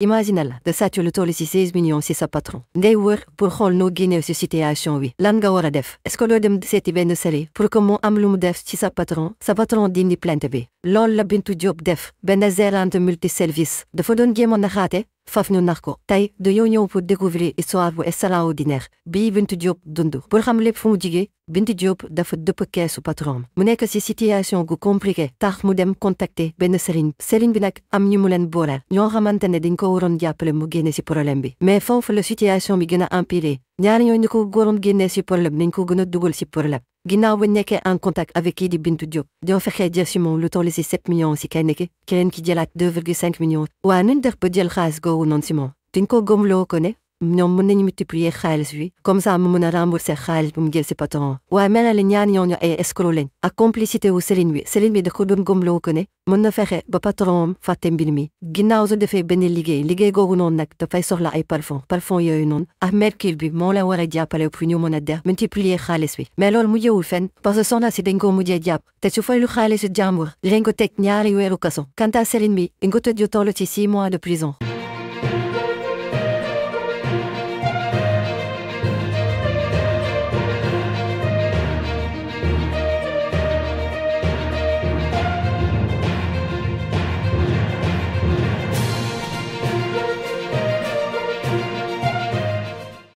Imaginal, de satul tollu les 16 millions si sa patron ngay wër pour xool no génne ci situation oui. Langa nga def est-ce que pour que mon am def sa patron sa patron dindi plainte bi loolu la Bintou Diop def benn gérante multiservice dafa doon jéem a naxaate faf ñu nax ko de dañoo ñëw pour découvrir histoire bu extraordinaire bii Bintou Diop dund pour xam lépp fu mu Bintou Diop dafa dëpp keesu patron mu ci situation go compliqué tax mu dem contacter benn sëriñ sëriñ bi nag am ñu mu leen booleel ñoo xamante ne dañ ko waroon jàppale mu génne ci problème bi mais foofu le situation bi gën a empiré ñoo ñu ko ci problème nañ ko gën a dugal problème ginnaaw ba en contact avec kii Bintu Diop ñoo fexee jël si moom lu toll si 7 millions si kay nekk qui ki 2,5 millions ou nañ def ba jël non Simon. Tinko Gomlo moom ko ko ne mon puye khalsui komsa mumunarambu se c'est pas patan wa mena le nyan nyon et eskrolen a complicité u selinwi selinwi de khudum gomlo connaît mon na fexe ba patron fatem binmi ginnaw de defé ben liggéey liggéey gogu non nak da fay la ay parfum parfum yoyu non ak mercure bi mo la wara jappale pour ñu mon te multiplier khalis wi mais lol mu jewul fen parce que sonna si dañ ko mujjé japp té su fay lu khalis jamour dañ ko tek ñaari wéru kasso kanta selinwi ingo tejjo tolo ci 6 mois de prison